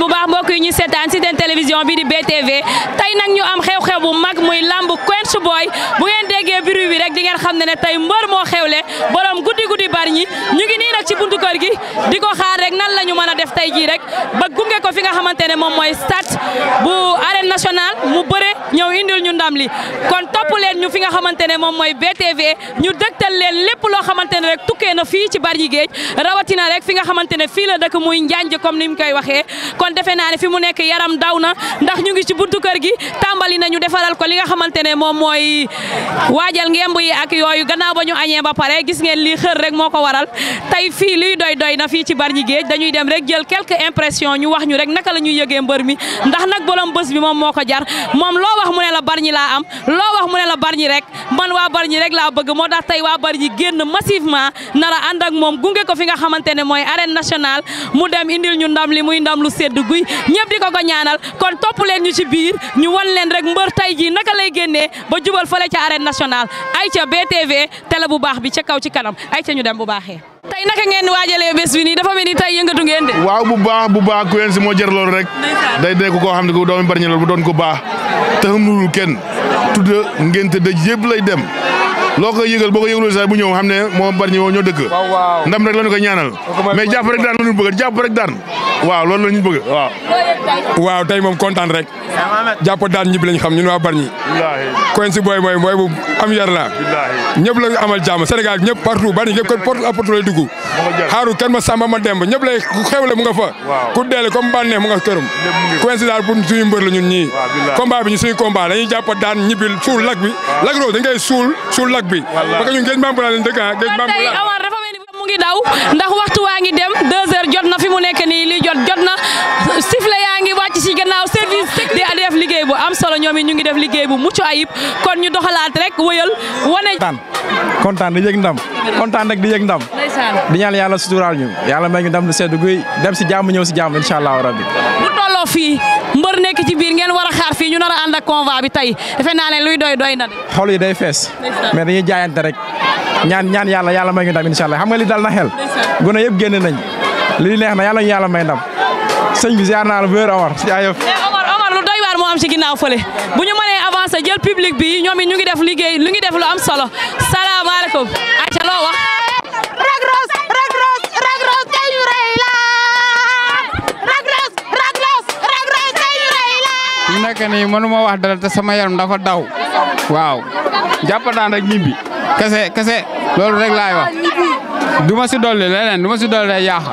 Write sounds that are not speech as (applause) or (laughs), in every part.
bu baax mbokk yi ñu seetaan si seen télévision bi di BTV tey nag ñu am xew-xew bu mag muy làmb Quench Boy bu ngeen déggee bruit bi rek di ngeen xam ne ne tey mbër moo xewle borom guddi guddi bari ñi ñu ngi nii nag ci buntu kër gi di ko xaar rek nan la ñu mën a def tey jii rek ba gunge ko fi nga xamante ne moom mooy stade bu arène nationale mu bëre ñëw indil ñu ndam li kon topp leen ñu fi nga xamante ne moom mooy BTV ñu dëgtal leen lépp loo xamante ne rek tukkee na fii ci Bargny Géej rawatina rek fi nga xamante ne fii la dëkk muy Njanj comme ni mu koy waxee man defé naa fi mu nek yaram dawna ndax ñu ngi ci buntu kër gi tambali nañu défaral ko li nga xamantene mom moy mooy waajal ngemb yi ak yoyu gannaaw bañu ñu ba paré gis ngeen li xër rek moko waral tay fi li doy doy na fi ci barñi geej dañuy dem rek jël quelques impressions ñu wax ñu rek naka la yëgé mbër mi ndax nak bolom bëss bi mom moko ko jar moom loo wax mu ne la barñi la am lo wax mu ne la barñi rek man wa barñi rek la bëgg mo tax tay wa barñi génn massivement nara and ak mom gunge ko fi nga xamantene moy arène nationale mu dem indil ñu ndam li muy ndam lu sedd duguy ñepp diko ko ñaanal kon top leen ñu ci biir ñu won leen rek mbeur tay ji naka lay génnee ba jubal fele ci arène nationale ca BTV télé bu baax bi ci kaw ci kanam ca ñu dem bu baaxé tay naka ngeen wajalé bés bi ni dafa tay yëngatu ngeen de. waaw bu baax bu baax ku yeen ci mo jër lool rek. day dé ko ko xamni ko doomi barñal bu doon ko baax. kenn ngeen te dëj lay dem. loo koy yëgal boo ko yëgalul sax bu ñëw xam ne moo bari o ñoo dëkk ndam rek la ñu koy ñaanal mais jàpp rek daan loolu ñu bëgg jàpp rek daan waaw loolu la ñu bëgg waaw waaw tey moom kontaan rek jàpp daan ñibbi lañ xam ñu waa Bargny koen si booy mooy booy bu am yar la ñëpp la amal jàmm Sénégal ñëpp partout Bargny ñëpp porte à porte lay dugg xaaru kan ma sàmba ma demb ñëpp lay ku xewle mu nga fa ku deele comme bànneex mu nga këram coïncidence pour suñu mbër la ñun ñii combat bi ñu suñu combat dañuy jàpp daan ñibbi suul lak bi lak rose dañ suul suul lak bi parce que ñun géej mbambu laa leen dëkk ah mu ngi daw ndax waxtu waa ngi dem deux jot na fi mu nekk nii lii jot jot na sifflet yaa ngi wàcc si gannaaw bu am solo ñom ñu ngi def liggéey bu muccu ayib kon ñu doxalaat rek woyal woné kontaan di yek ndam kontaan rek di yek ndam. di ñaan yalla sutural ñu yalla may ñu ndam lu sedd guuy dem ci jamm ñew ci jamm inshallah rabbi. bu tolo fi mbeur nek ci biir ngeen wara xaar fi ñu nara and ak convoi bi tay defé naa luy doy doy na xol yi day fess mais dañuy jaayante rek ñaan ñaan yalla yalla may ñu ndam inshallah xam nga li dal na xel. yeb genn nañ li neex na yalla ñu yalla may ndam bi ziar la am ci ginnaaw fële bu ñu mënee avancé jël public bi ñoom it ñu ngi def liggéey lu ngi def lu am solo salaamaaleykum ayca loo wax Reug Reug Reug Reug Reug Reug tey ñu rey la Reug wax dara te sama yaram dafa daw waaw jàpp daan rek ñibbi kese kese loolu rek laay wax duma si dolli leneen ma si dolli day yaaxa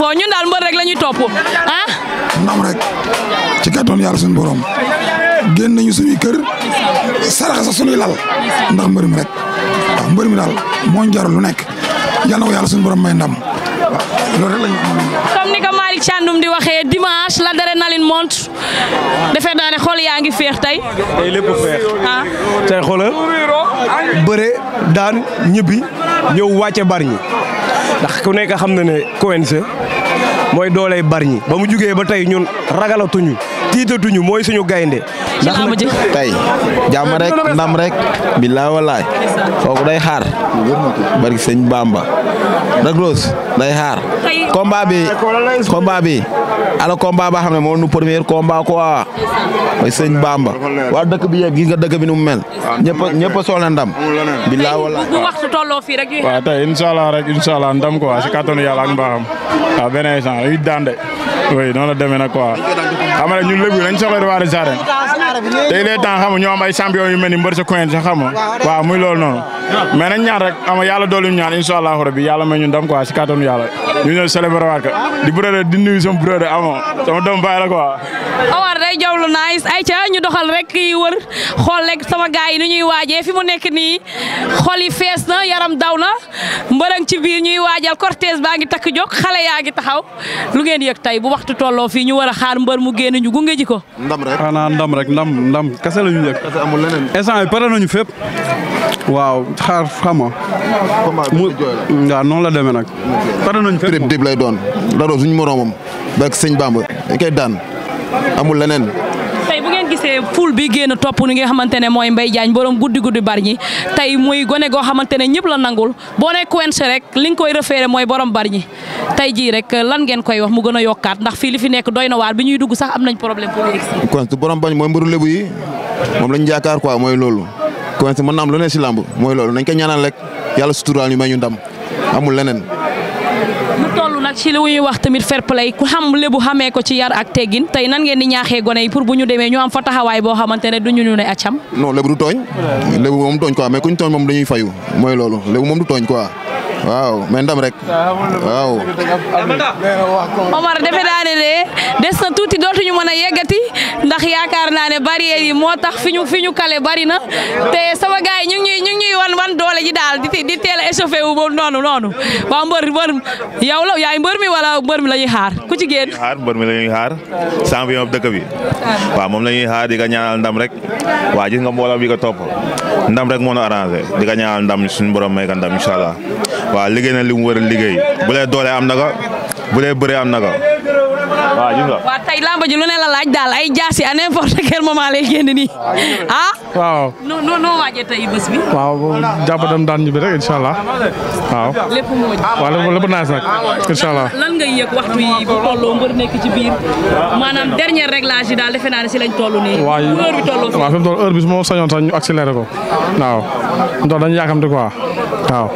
foo ñun daal mbër rek la ñuy topp ah. ndam rek ci kàttanu yàlla suñu borom génn nañu suñuy kër saraxa sa suñuy lal ndax mbër mi rek waaw mbër mi daal lu nekk yal ko yàlla suñu borom may ndam waaw loolu rek la comme ni ko Malick Thiandoum di waxee dimanche la l'adrénaline monte defe naa ne xol yaa ngi féex tey. tey lépp féex. ah tey xoolal bëre daan ñibbi ñëw wàcce bari ndax ku nekk xam ne Coense. mooy dooley Bargny ba mu jógee ba tey ñun ragalatuñu duñu moy suñu gaynde ndax tay jam rek ndam rek billaa walaay kooku day xaar bari señ Bamba Lac Rose day xaar combat bi combat bi ala combat ba xamne mo nu premier combat quoi mooy señ Bamba wa dekk bi yëpp gi nga dekk bi nu mu mel ñepp ñëpp soxla ndam billaa walaay wa tay inshallah rek inshallah ndam quoi ci kàttanu yalla ak mbaaxam wa beneen instant yu dande de non la demee na quoi ñu lébu dañ soxla roi des arènes tey les temps xam nga ñoo am ay champion yu mel ni mbër sa coin sax xam nga waaw muy loolu noonu mais nañ ñaan rek ama yàlla doolu ñu ñaan insha allahu rabbi yàlla may ñu ndam quoi si kàttanu yàlla ñu ñëw célébrer waat ko di brode di nuyu sama brode ama sama doom baay la quoi Omar day jawlu nice ay ca ñu doxal rek yi wër xool rek sama gaay yi ñuy waajee fi mu nekk nii xol yi fees na yaram daw na mbërëng ci biir ñuy waajal a gunge ji ko. ndam rek xanaa ndam rek ndam ndam kese la ñu yëg. kese amul leneen. instant yi pare nañu fépp. waaw xaar xama mu waaw la demee nag. pare nañu fépp moom lay doon. Ladoum suñu moromam. beeg sëñ ba dañ koy daan amul leneen. gisee poul bi génn topp ni nga xamante mooy Mbaye Diagne borom guddi guddi bari ñi tey muy gone goo xamante ne ñëpp la nangul boo ne rek li nga koy référé mooy borom bari ñi tey jii rek lan ngeen koy wax mu gën a yokkaat ndax fii li fi nekk doy na waar bi ñuy dugg sax am nañ problème pour borom bari mooy mbëru lébu yi moom lañ jaakaar quoi mooy loolu Quench mën na am lu ne si làmb mooy loolu nañ ko ñaanal rek yàlla suturaal ñu may ñu ndam amul leneen ak ci li ñuy wax tamit fair ku xam lébu xamee ko ci yar ak teggin tey nan ngeen di ñaaxee gone yi pour bu ñu demee ñu am fa taxawaay boo xamante ne du ñu ñu ne accam non lébu du tooñ lébu moom tooñ quoi mais kuñ tooñ moom dañuy fayu mooy loolu lébu moom du tooñ quoi Wow, mais ndam rek waaw Omar defé naa ne de na touti dotu ñu mëna yeggati ndax yaakaar naa ne barrière yi moo tax fiñu ñu kale bari na te sama gaay ñu ñuy ñu ñuy wan wan doole ji dal di di téla a échauffé wu boobu nonu. noonu waa mbeur mbër yow la yaay mbeur mi wala mbeur mi lañuy xaar ku ci gën? xaar mbeur mi lañuy xaar champion dëkk bi waaw moom la ñuy xaar di ga ñaanal ndam rek Wa gis nga mbolam bi ko top. ndam rek mo na arranger di ga ñaanal ndam suñu borom may ga ndam inshallah. waaw liggéey na li mu war a liggéey bu dee doole am na ko bu dee bëree am na ko Wah gis nga waaw tey lamba ji lu ne la laaj daal ay jaasi à n'importe quel moment lay génn nii ah waaw noo insya noo waajee tey bés bi waaw jàpp dem daan ñibbi rek incha allah waaw lépp moo ji waaw lépp lépp naas nag incha allah lan ngay yëg waxtu yi bu tolloo mbër nekk ci biir maanaam dernier réglage yi daal defe naa ne si lañ toll nii waaw heure bi tolloo waaw fi mu toll heure bi su ma sañoon ñu accéléré iya, ko waaw mu toll dañu quoi waaw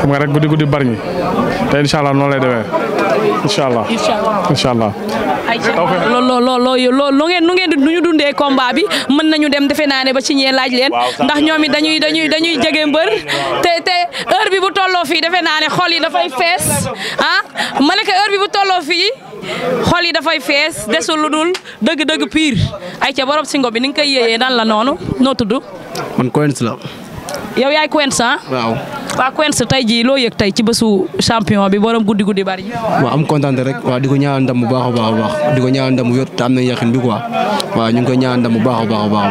xam nga rek guddi guddi bari ñi te incha allah noonu lay demee incha allah incha allah. loo loo loo loo ngeen nu ngeen di nu ñu dundee combat bi mën nañu dem defe naa ne ba ci ñee laaj leen ndax ñoom it dañuy dañuy dañuy jege mbër te te heure bi bu tolloo fii defe naa ne xol yi dafay fees ah ma ne heure bi bu tolloo fii xol yi dafay fees desul lu dul dëgg-dëgg piir ay ca borom singo bi ni nga koy yéeyee nan la noonu noo tudd. man Coins la. yow yaay Coins ah. waaw. waa Quench tay ji lo yek tay ci besu champion bi borom guddi guddi bari. wa am kontaan rek wa diko ñaan ndam bu baax a baax a baax di ñaan ndam yu tam na am bi quoi wa ñu ko ñaan ndam bu baax a baax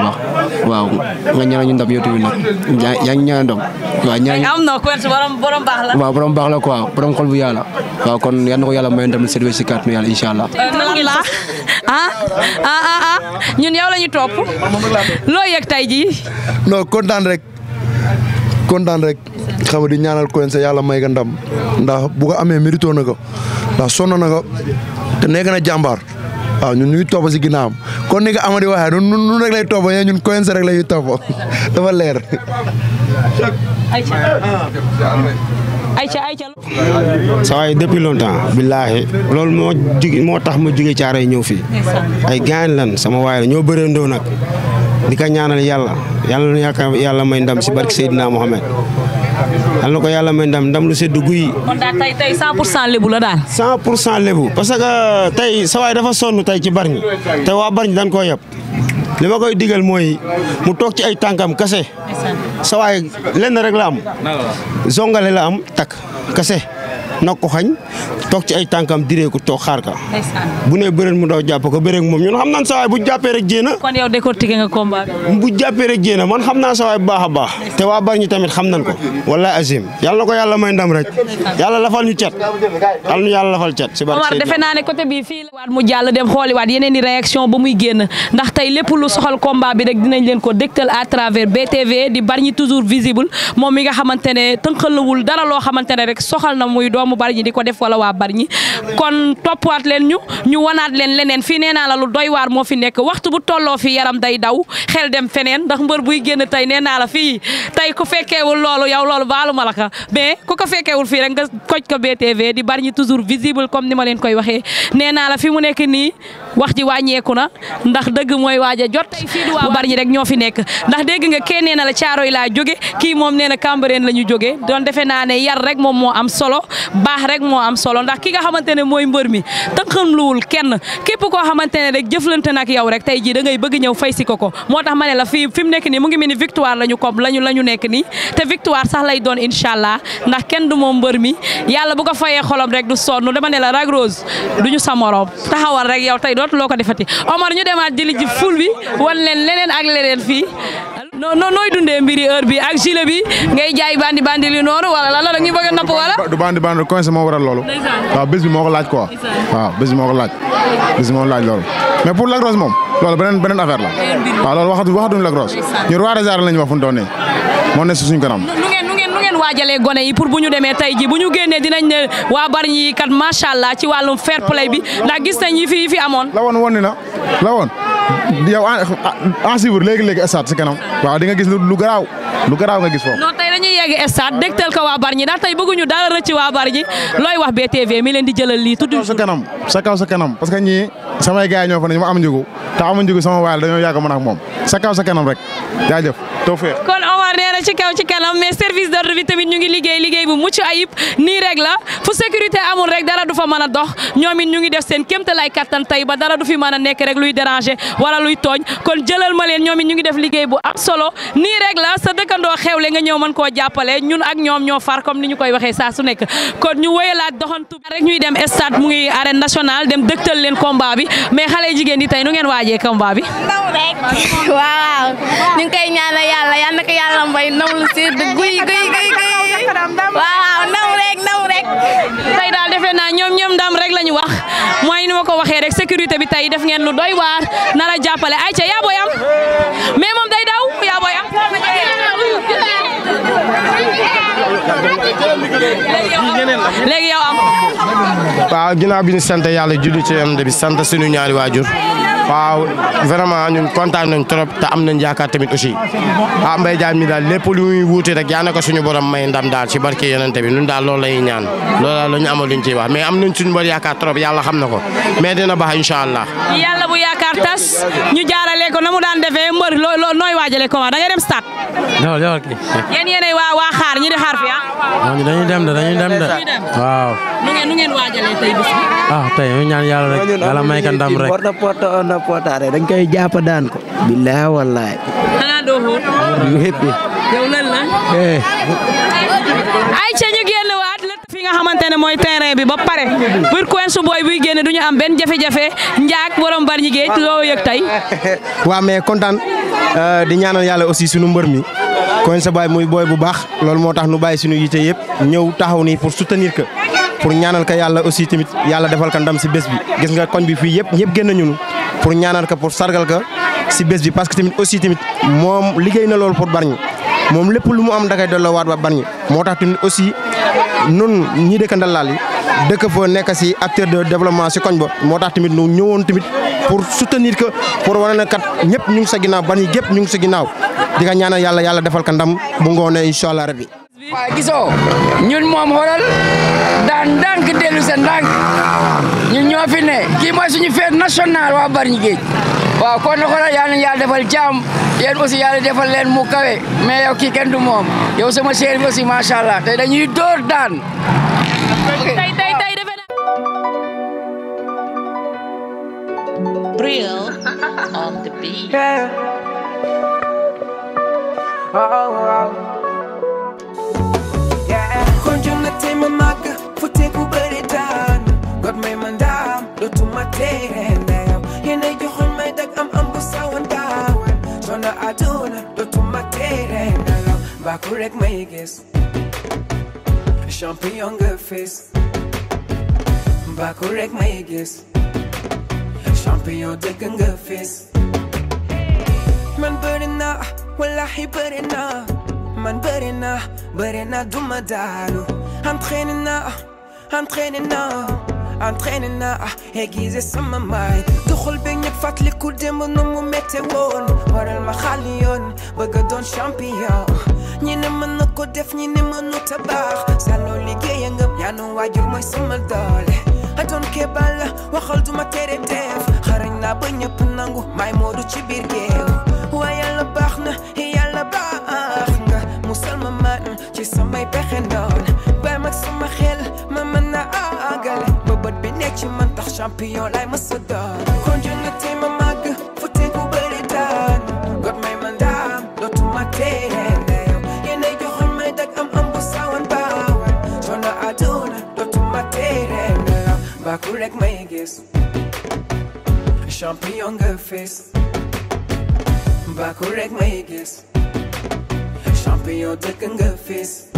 baax nga ñaan ñu ndam yóot bi nag ñaan ndam. wa ñaan am na Quench borom borom baax la. wa borom baax la quoi borom xol bu yalla wa kon yal na ko yàlla may ndam ci si kàttanu yàlla incha (laughs) ah, ah ah ah ñun yow lañu top lo yek tay ji jii. non kontaan rek kontaan rek xam di ñaanal Quench yàlla may nga ndam ndax bu ko amee mérito na ko ndax sonn na ko te nekk na jàmbaar waaw ñun ñuy topp si ginnaawam kon ni ama di waxee ñun ñun rek lay topp ñun (laughs) leer. ayca ayca. saa billaahi loolu moo moo tax ma jóge caare yi ñëw fii. ay gaañ sama waay ñoo bëree ndoo nag. di ko ñaanal yàlla yàlla na yàlla may ndam si barke Seydina Mohamed. yal na ko yàlla may ndam ndam lu sedd guy. kon daal la daal. 100 pour cent lébu parce que tey sa waay dafa sonn tey ci Bargny te waa Bargny dañ koo yab li ma koy digal mooy mu toog ci ay tànkam kase sa waay lenn rek la am. zongale la am takk kase. nag ko xañ toog ci ay tànkam diree ko toog xaar ka bu nee bëreet mu daw jàpp ko bëreet moom ñun xam naan sawaay bu jàppee rek jéena kon yow décortiqué nga combat bu jàppee rek jéena man xam naa sawaay bu baax a baax te waa bari tamit xam nan ko wallaay azim yàlla ko yàlla may ndam rek yàlla lafal ñu cet yàlla defe naa ne côté bi fii la waat mu jàll dem xooliwaat yeneen di réaction ba muy génn ndax tey lépp lu soxal combat bi rek dinañ leen ko dégtal à travers BTV di bari ñi toujours visible moom mi ne tënkalawul dara loo xamante ne rek soxal na muy doomu doomu bari ñi di ko def wala waa bari ñi kon toppaat leen ñu ñu wanaat leen leneen fii nee naa la lu doy waar moo fi nekk waxtu bu tolloo fi yaram day daw xel dem feneen ndax mbër buy génn tey nee naa la fii tey ku fekkeewul loolu yow loolu baalu ma la ka mais ku ko fekkeewul fii rek nga koj ko BTV di bari ñi toujours visible comme ni ma leen koy waxee nee la fi mu nekk nii wax ji wàññeeku na ndax dëgg mooy waaja a jot fii du waa Bargny rek ñoo fi nekk ndax dégg nga kee nee na la Caaroy laa jóge kii moom nee na Cambérène la ñu jóge doon defe naa ne yar rek moom moo am solo baax rek moo am solo ndax ki nga xamante ne mooy mbër mi tënqamluwul kenn képp koo xamante ne rek jëflante nag yow rek tey jii da ngay bëgg ñëw fay si ko ko moo tax ma ne la fii fi mu nekk nii mu ngi mel ni victoire la ñu kom lañu la nekk nii te victoire sax lay doon incha allah ndax kenn du moom mbër mi yàlla bu ko fayee xolom rek du sonn dama ne la Lac Rose duñu sa dootuloo ko defati Omar ñu demaat jëli ji ful bi wan leen leneen ak leneen fii non non mbiri heure bi ak gilet bi ngay jaay bandi bandi li noonu wala lan la da ñu a napp wala. du bandi bandi coincé moo waral loolu. waaw bés moo ko laaj quoi. waaw bés moo ko laaj. bés bi moo ko laaj loolu mais pour Lac Rose moom loolu beneen beneen affaire la. waaw loolu waxatuñu waxatuñu ñu roi des arènes lañu wax fu mu toll kanam. nu ngeen waajalee gone yi pour bu ñu demee tey ji bu ñu génne dinañ ne waa Bargny yi kat macha allah ci wàllum fair play bi na gis nañ yi fi fi amoon. la woon woon na la woon yow en suivre léegi léegi stade si kanam waaw di nga gis lu garaaw lu garaaw nga gis foofu. non tey dañuy yegg stade dégtal ko waa Bargny ndax tey bëgguñu dara rëcc waa Bargny looy wax BTV mi leen di jëlal lii tudd. sa kanam sa kaw sa kanam parce que ñii sama gars yi ñoo fa ne ñu ma am njëgu te amu njëgu sama waay la ak moom sa kaw sa kanam rek jaajëf nee na ci kaw ci kanam mais nii rek la dara du fa mën a dox ñoom it ñu ngi def seen kéemtalaay kattan tey ba dara du fi mën a nekk rek luy déranger wala luy tooñ kon jëlal ma leen ñoom it ñu ngi def liggéey bu am solo nii rek la sa dëkkandoo xewle nga ñëw man koo jàppale ñun ak ñoom ñoo far comme ni ñu koy waxee saa su nekk kon ñu wéyalaat doxantu rek ñuy dem stade mu ngi arène nationale dem dëktal leen combat bi mais xale jigéen di tey nu ngeen waajee combat bi (laughs) waaw ñu ngi koy ñaanal yàlla yàlla Dame Mbaye nawlu si waaw naw rek naw rek tey daal defe naa ñoom ñoom ndam rek la ñu wax mooy ni ma ko waxee rek sécurité bi tey def ngeen lu doy waar nar jàppale ay ca yaa booy moom day daw yaa léegi yow am waaw ginnaaw bi ñu sant yàlla julli ci yam de bi sant suñu ñaari waajur waaw vraiment ñun kontaan nañ trop te am nañ yaakaar tamit aussi ah Mbaye Diagne mi daal lépp lu muy wuute rek yaa na ko suñu borom may ndam daal si barke yonente bi ñun daal loolu la ñaan loolu daal la ñu amal luñ ciy wax mais am nañ suñu bor yaakaar trop yàlla xam na ko mais dina baax incha allah. yàlla bu yaakaar tas ñu jaarale ko na mu daan defee mbër loo nooy waajale ko da ngay dem stade. dañuy dem de dañuy dem waaw. nu ngeen ah, ñaan yàlla rek yàlla may ka ndam rek. no potare dañ koy jappa daan ko billahi wallahi ana do xóot yu heppi yow lan la eh ay ci ñu genn waat la fi nga xamantene moy terrain bi ba paré pour su boy buy genn duñu am ben jafé jafé ndiak borom bar ñi geej lo yek tay (laughs) wa mais contane euh di ñaanal yalla aussi suñu mbeur mi sa boy muy boy bu baax lool motax nu bay suñu yité yépp ñew taxaw ni pour soutenir que pour ñaanal ka yalla aussi timit yalla defal ka ndam ci bes bi gis nga koñ bi fi yépp ñepp genn ñunu pour ñaanal ko pour sargal ko si bés bi parce que tamit aussi tamit moom liggéey na loolu pour Bargny moom lépp lu mu am da koy delloowaat ba Bargny moo tax tamit aussi nun ñii dëkk Ndalaal yi dëkk fa nekk si acteur de développement si koñ ba moo tax tamit ñu ñëwoon tamit pour soutenir que pour wane na kat ñëpp ñu ngi sa ginnaaw Bargny gépp ñu ngi sa ginnaaw di nga ñaanal yàlla yàlla defal kandam ndam bu ngoonee incha allah rabbi waaye gisoo ñun moom xoolal dan dan ki dellu seen ndànk ñun ñoo fi ne kii mooy suñu fête nationale waa Bargny Géej waaw kon na xoolal yal na yàlla defal jàmm yéen aussi yàlla defal leen mu kawe mais yow kenn du yow sama allah tey dañuy door on the beat. Oh, oh, oh. mamaka futhi kuberedana god my mandam do to my tere now yena yo homeda am oh. am busawan dawan sona aduna do to my ba correct my guess champion ga face ba correct my guess champion de ga face man burina wallahi burina man burina burina dumadaru I'm training now, I'm training now, I'm training now. Aiguise sur ma main. Tu roules bien, y'a pas de coups de mon nom, mettez one. Voilà le machalion, bagadon champion. Ni ne me def, ni ne me nota bar. ligue yang y'a no wagyul moi sur ma dole. I don't care about la, wakal du ma tere def. Harin la bain y'a my modu chibir gay. Ouai y'a la bachna, y'a la musalma Musulman, tu sens ma pechenor. champion like Masada Konje na tema maga fute kubalidan God may mandam do to my teneyo Yene yo home dak am am bosawan bawan Shona aduna do to my teneyo Bakurek megis Champion gefis Bakurek megis Champion deken face.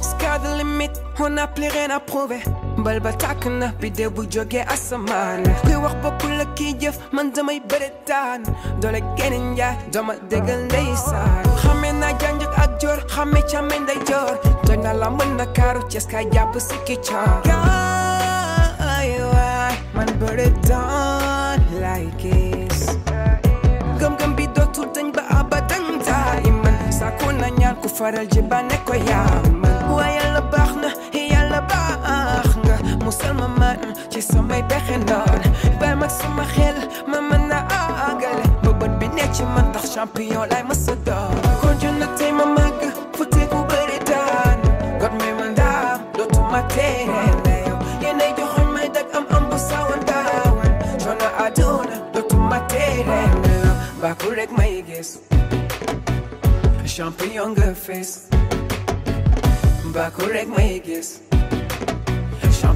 Sky the limit, on n'a plus rien à prouver bal ba tàkk na biddew bu jógee asamaan kuy wax bokkul la kiy jëf man damay bëri taan doole kenn njaay dama déggal ndeysaan xamee naa janjak ak joor xamee càmmee nday joor toj na la mën na kaaru ces kaay jàpp si ki coor gaay waay man bëri taan lay gis gëm-gëm bi dootul dañ ba abadan taa i man sàkku na ñaan ku faral ji ba ne ko yaa man waaye la baax musal ma man ci samay pexe ndoon bay mag suma xel ma mën na àggale bëbët bi nekk ci man tax champion lay ma sa doon kon ju na tey ma màgg fu teeku bëri daan got may ma ndaam dootuma tere leew yéenay joxoñ am am bu sawan daawan coono àdduna dootuma tere leew baaku rek may gis champion nga fees baaku rek may